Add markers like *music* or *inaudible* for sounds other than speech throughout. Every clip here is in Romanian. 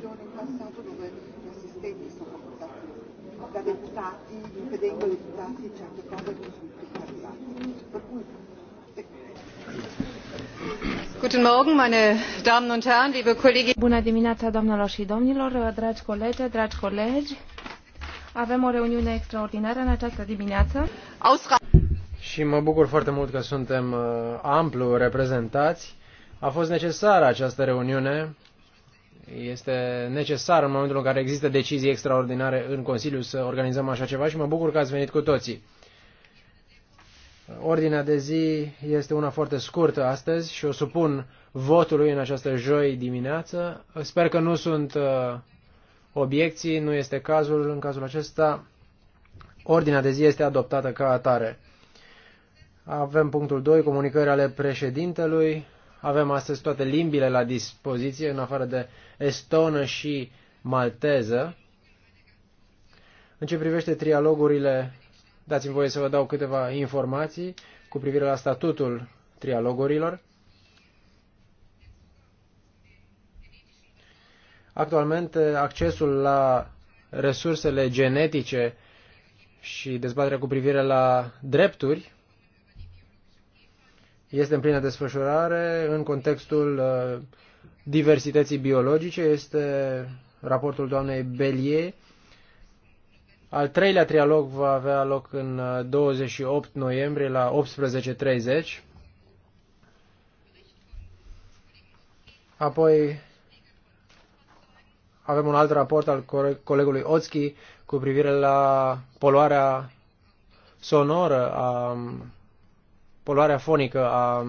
situazione in passato dove gli assistenti sono portati da deputati, impedendo ai deputati certe cose che sono più cambiate. Per cui Guten Morgen, meine Damen und Herren, liebe Kolleginnen. Bună dimineața, doamnelor și domnilor, dragi colegi, dragi colegi. Avem o reuniune extraordinară în această dimineață. Și mă bucur foarte mult că suntem uh, amplu reprezentați. A fost necesară această reuniune este necesar în momentul în care există decizii extraordinare în Consiliu să organizăm așa ceva și mă bucur că ați venit cu toții. Ordinea de zi este una foarte scurtă astăzi și o supun votului în această joi dimineață. Sper că nu sunt uh, obiecții, nu este cazul. În cazul acesta, ordinea de zi este adoptată ca atare. Avem punctul 2, comunicări ale președintelui. Avem astăzi toate limbile la dispoziție, în afară de estonă și malteză. În ce privește trialogurile, dați-mi voie să vă dau câteva informații cu privire la statutul trialogurilor. Actualmente, accesul la resursele genetice și dezbaterea cu privire la drepturi este în plină desfășurare în contextul uh, diversității biologice. Este raportul doamnei Belie. Al treilea trialog va avea loc în 28 uh, noiembrie la 18.30. Apoi avem un alt raport al colegului Otski cu privire la poluarea sonoră a poluarea fonică a,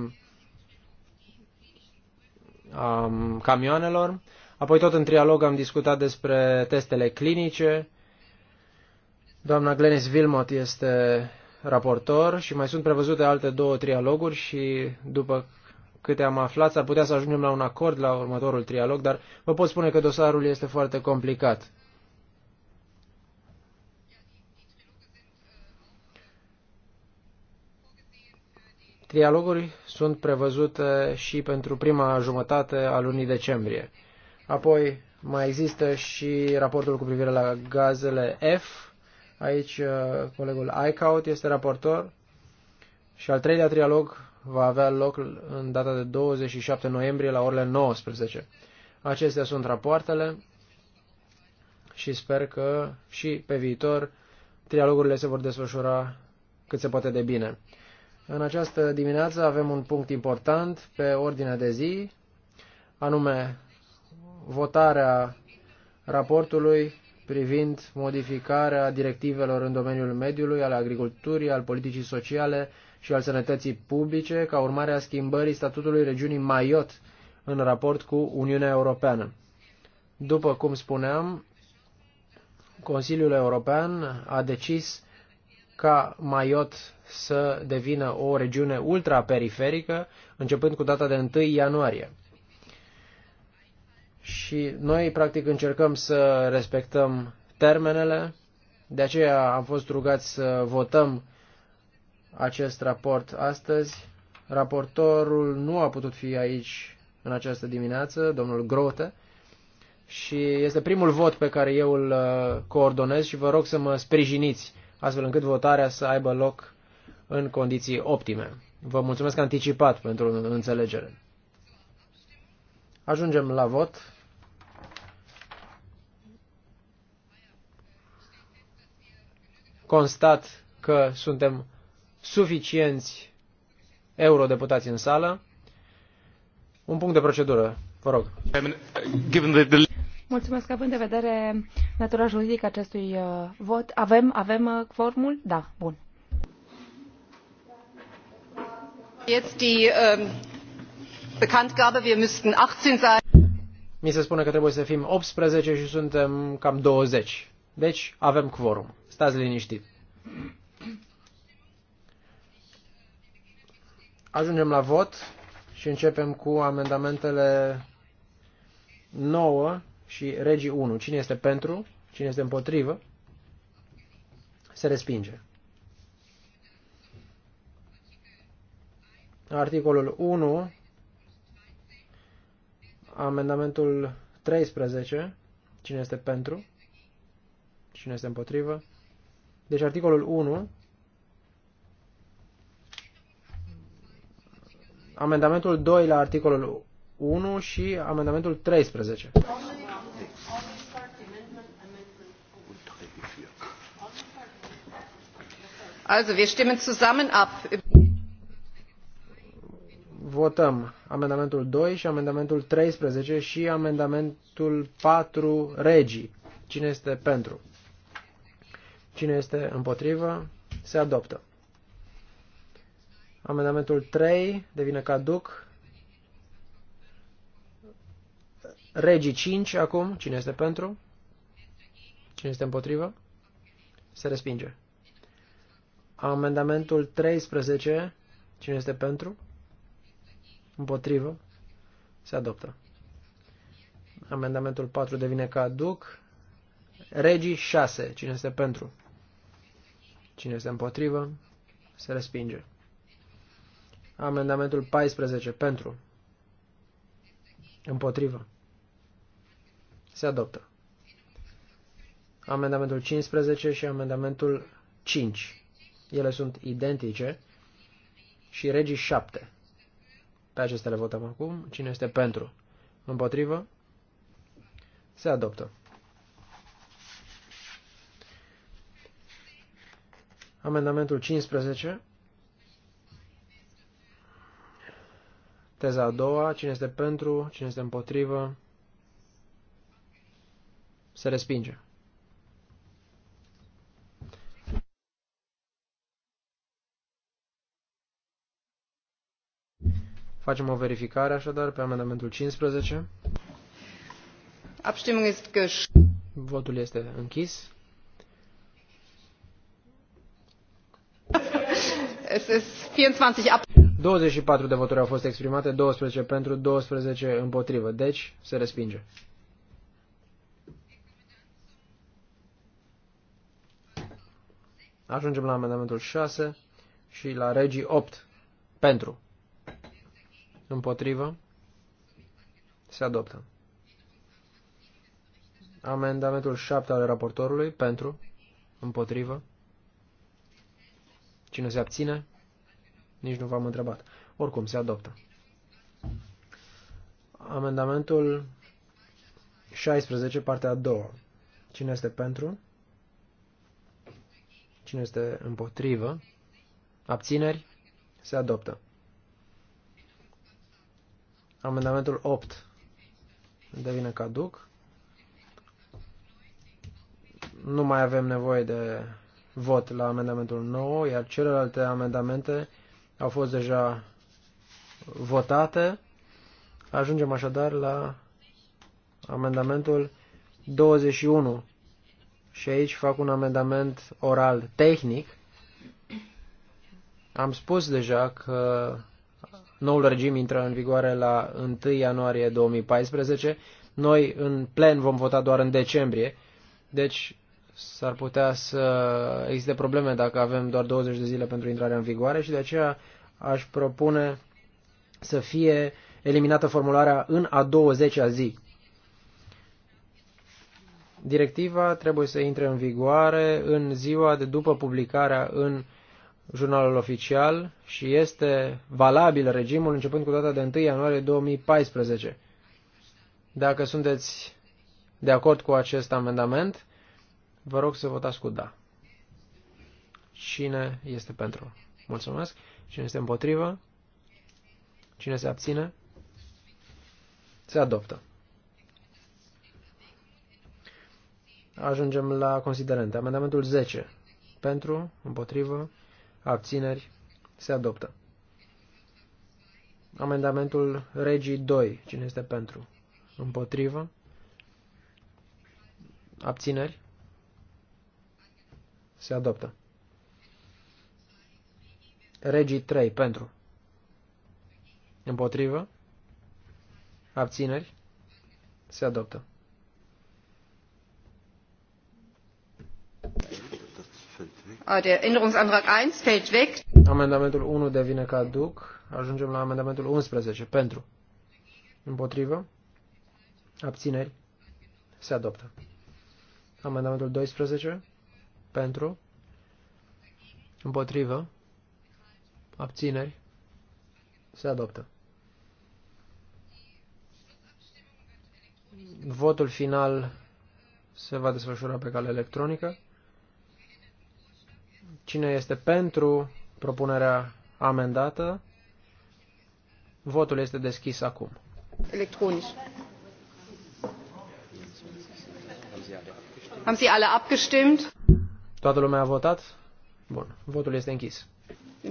a camioanelor. Apoi tot în trialog am discutat despre testele clinice. Doamna Glenis Wilmot este raportor și mai sunt prevăzute alte două trialoguri și după câte am aflat, s-ar putea să ajungem la un acord la următorul trialog, dar vă pot spune că dosarul este foarte complicat. Trialoguri sunt prevăzute și pentru prima jumătate a lunii decembrie. Apoi mai există și raportul cu privire la gazele F. Aici uh, colegul ICAUT este raportor. Și al treilea trialog va avea loc în data de 27 noiembrie la orele 19. Acestea sunt rapoartele și sper că și pe viitor trialogurile se vor desfășura cât se poate de bine. În această dimineață avem un punct important pe ordinea de zi, anume votarea raportului privind modificarea directivelor în domeniul mediului, al agriculturii, al politicii sociale și al sănătății publice, ca urmare a schimbării statutului regiunii Maiot în raport cu Uniunea Europeană. După cum spuneam, Consiliul European a decis ca Maiot să devină o regiune ultraperiferică, începând cu data de 1 ianuarie. Și noi, practic, încercăm să respectăm termenele, de aceea am fost rugați să votăm acest raport astăzi. Raportorul nu a putut fi aici în această dimineață, domnul Grote, și este primul vot pe care eu îl uh, coordonez și vă rog să mă sprijiniți astfel încât votarea să aibă loc în condiții optime. Vă mulțumesc anticipat pentru înțelegere. Ajungem la vot. Constat că suntem suficienți eurodeputați în sală. Un punct de procedură, vă rog. Uh, Mulțumesc. Având de vedere natura juridică acestui uh, vot, avem, avem uh, formul? Da, bun. Ähm, Mi se spune că trebuie să fim 18 și suntem cam 20. Deci avem quorum. Stați liniștit. Ajungem la vot și începem cu amendamentele 9 și regii 1. Cine este pentru, cine este împotrivă, se respinge. Articolul 1, amendamentul 13, cine este pentru, cine este împotrivă. Deci articolul 1, amendamentul 2 la articolul 1 și amendamentul 13. Also, wir stimmen zusammen ab. Votăm amendamentul 2 și amendamentul 13 și amendamentul 4 regii. Cine este pentru? Cine este împotrivă? Se adoptă. Amendamentul 3 devine caduc. Regii 5 acum. Cine este pentru? Cine este împotrivă? Se respinge. Amendamentul 13. Cine este pentru? Împotrivă? Se adoptă. Amendamentul 4 devine caduc. Regii 6. Cine este pentru? Cine este împotrivă? Se respinge. Amendamentul 14. Pentru. Împotrivă. Se adoptă. Amendamentul 15 și amendamentul 5. Ele sunt identice și regii 7. Pe acestea le votăm acum. Cine este pentru? Împotrivă? Se adoptă. Amendamentul 15. Teza a doua. Cine este pentru? Cine este împotrivă? Se respinge. Facem o verificare așadar pe amendamentul 15. Abstimmung ist Votul este închis. *laughs* Es ist 24 24 de voturi au fost exprimate, 12 pentru, 12 împotrivă. Deci se respinge. Ajungem la amendamentul 6 și la regii 8. Pentru. Împotrivă. Se adoptă. Amendamentul 7 al raportorului. Pentru. Împotrivă. Cine se abține? Nici nu v-am întrebat. Oricum, se adoptă. Amendamentul 16, partea a doua. Cine este pentru? Cine este împotrivă? Abțineri? Se adoptă. Amendamentul 8 devine caduc. Nu mai avem nevoie de vot la amendamentul 9, iar celelalte amendamente au fost deja votate. Ajungem așadar la amendamentul 21 și aici fac un amendament oral tehnic. Am spus deja că noul regim intră în vigoare la 1 ianuarie 2014. Noi în plen vom vota doar în decembrie, deci s-ar putea să existe probleme dacă avem doar 20 de zile pentru intrarea în vigoare și de aceea aș propune să fie eliminată formularea în a 20-a zi. Directiva trebuie să intre în vigoare în ziua de după publicarea în jurnalul oficial și este valabil regimul începând cu data de 1 ianuarie 2014. Dacă sunteți de acord cu acest amendament, vă rog să votați cu da. Cine este pentru? Mulțumesc. Cine este împotrivă? Cine se abține? Se adoptă. Ajungem la considerente. Amendamentul 10. Pentru, împotrivă, abțineri, se adoptă. Amendamentul regii 2. Cine este pentru? Împotrivă. Abțineri. Se adoptă. Regii 3. Pentru. Împotrivă. Abțineri. Se adoptă. Ah, der Änderungsantrag 1 fällt weg. Amendamentul 1 devine caduc. Ajungem la amendamentul 11. Pentru. Împotrivă. Abțineri. Se adoptă. Amendamentul 12. Pentru. Împotrivă. Abțineri. Se adoptă. Votul final se va desfășura pe cale electronică. Cine este pentru propunerea amendată? Votul este deschis acum. Electronic. Haben Sie alle abgestimmt? Toată lumea a votat? Bun. Votul este închis.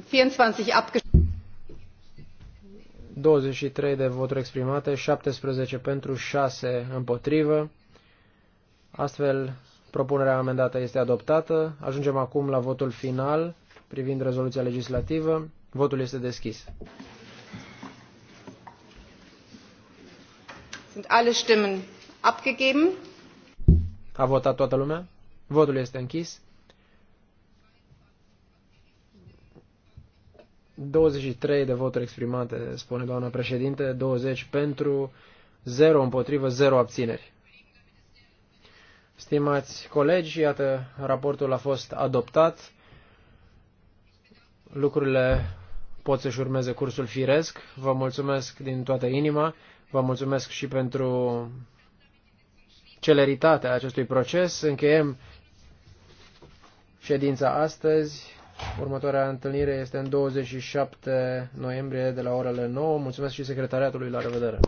24 abgestimmt. 23 de voturi exprimate, 17 pentru, 6 împotrivă. Astfel Propunerea amendată este adoptată. Ajungem acum la votul final privind rezoluția legislativă. Votul este deschis. Sunt alle Stimmen abgegeben? A votat toată lumea? Votul este închis. 23 de voturi exprimate, spune doamna președinte, 20 pentru, 0 împotrivă, 0 abțineri. Stimați colegi, iată, raportul a fost adoptat. Lucrurile pot să-și urmeze cursul firesc. Vă mulțumesc din toată inima. Vă mulțumesc și pentru celeritatea acestui proces. Încheiem ședința astăzi. Următoarea întâlnire este în 27 noiembrie de la orele 9. Mulțumesc și secretariatului. La revedere!